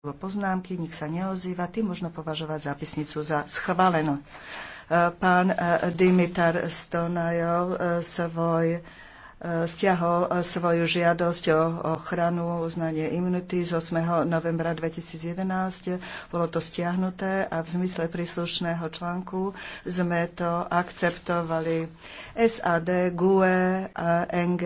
poznámky, nik sa neozýva, tým možno považovať zápisnicu za schválenú. E, pán e, Dimitar Stonajov e, svoj stiahol svoju žiadosť o ochranu uznanie imunity z 8. novembra 2011. Bolo to stiahnuté a v zmysle príslušného článku sme to akceptovali. SAD, GUE a NG